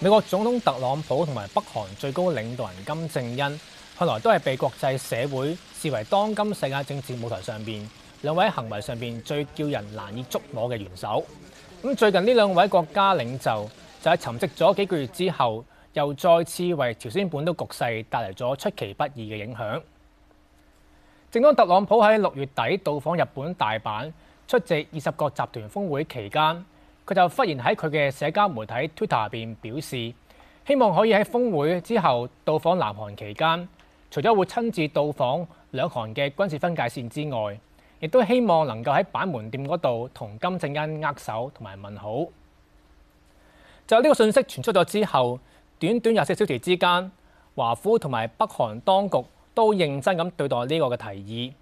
美國總統特朗普同埋北韓最高領導人金正恩，後來都係被國際社會視為當今世界政治舞台上邊兩位行為上邊最叫人難以捉摸嘅元首。咁最近呢兩位國家領袖就喺沉寂咗幾個月之後，又再次為朝鮮半島局勢帶嚟咗出其不意嘅影響。正當特朗普喺六月底到訪日本大阪出席二十國集團峰會期間，佢就忽然喺佢嘅社交媒體 Twitter 入邊表示，希望可以喺峰會之後到訪南韓期間，除咗會親自到訪兩韓嘅軍事分界線之外，亦都希望能夠喺板門店嗰度同金正恩握手同埋問好。就呢個信息傳出咗之後，短短廿四小時之間，華府同埋北韓當局都認真咁對待呢個嘅提議。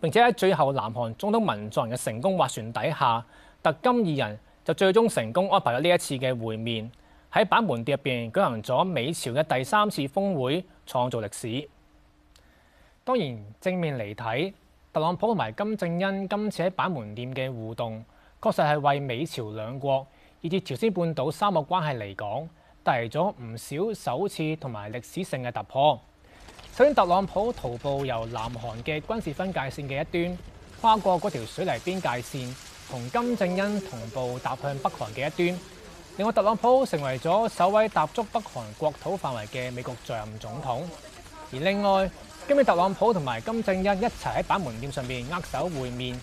並且喺最後南韓總統文在寅嘅成功斡旋底下，特金二人，就最終成功安排咗呢一次嘅會面，喺板門店入邊舉行咗美朝嘅第三次峰會，創造歷史。當然正面嚟睇，特朗普同埋金正恩今次喺板門店嘅互動，確實係為美朝兩國以至朝鮮半島三國關係嚟講，帶嚟咗唔少首次同埋歷史性嘅突破。首先，特朗普徒步由南韓嘅軍事分界線嘅一端，跨過嗰條水泥邊界線。同金正恩同步踏向北韓嘅一端，令我特朗普成為咗首位踏足北韓國土範圍嘅美國在任總統。而另外，今日特朗普同埋金正恩一齊喺板門店上面握手會面，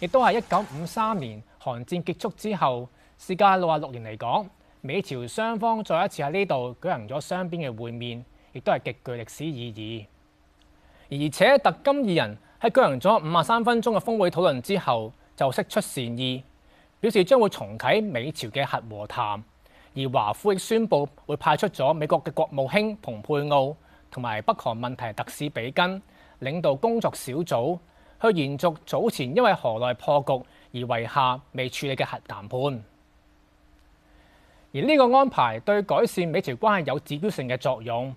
亦都係一九五三年韓戰結束之後，事隔六啊六年嚟講，美朝雙方再一次喺呢度舉行咗雙邊嘅會面，亦都係極具歷史意義。而且，特金二人喺舉行咗五十三分鐘嘅峰會討論之後，就釋出善意，表示將會重啟美朝嘅核和談，而華府亦宣佈會派出咗美國嘅國務卿蓬佩奧同埋北韓問題特使比根領導工作小組，去延續早前因為河內破局而遺下未處理嘅核談判。而呢個安排對改善美朝關係有指標性嘅作用，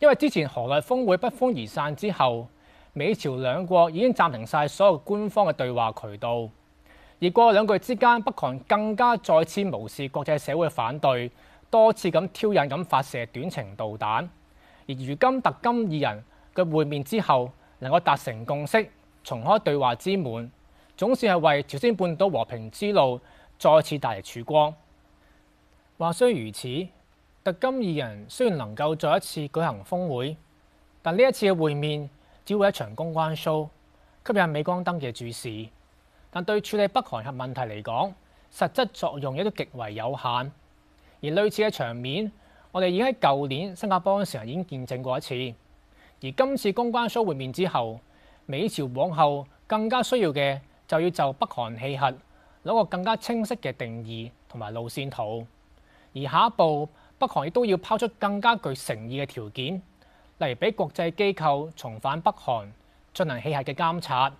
因為之前河內峰會不歡而散之後，美朝兩國已經暫停晒所有官方嘅對話渠道。而過兩個月之間，北韓更加再次無視國際社會嘅反對，多次咁挑釁咁發射短程導彈。而如今特金二人嘅會面之後，能夠達成共識，重開對話之門，總算係為朝鮮半島和平之路再次帶嚟曙光。話雖如此，特金二人雖然能夠再一次舉行峰會，但呢一次嘅會面只會係一場公關 show，吸引美光燈嘅注視。但對處理北韓核問題嚟講，實質作用亦都極為有限。而類似嘅場面，我哋已經喺舊年新加坡嘅時候已經見證過一次。而今次公關 show 會面之後，美朝往後更加需要嘅就要就北韓棄核攞個更加清晰嘅定義同埋路線圖。而下一步，北韓亦都要拋出更加具誠意嘅條件，例如俾國際機構重返北韓進行棄核嘅監察。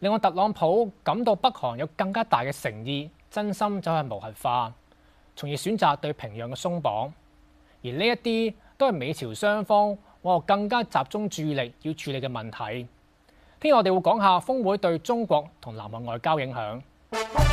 令我特朗普感到北韓有更加大嘅誠意，真心走向無核化，從而選擇對平壤嘅鬆綁。而呢一啲都係美朝雙方我更加集中注意力要處理嘅問題。聽日我哋會講一下峰會對中國同南韓外交影響。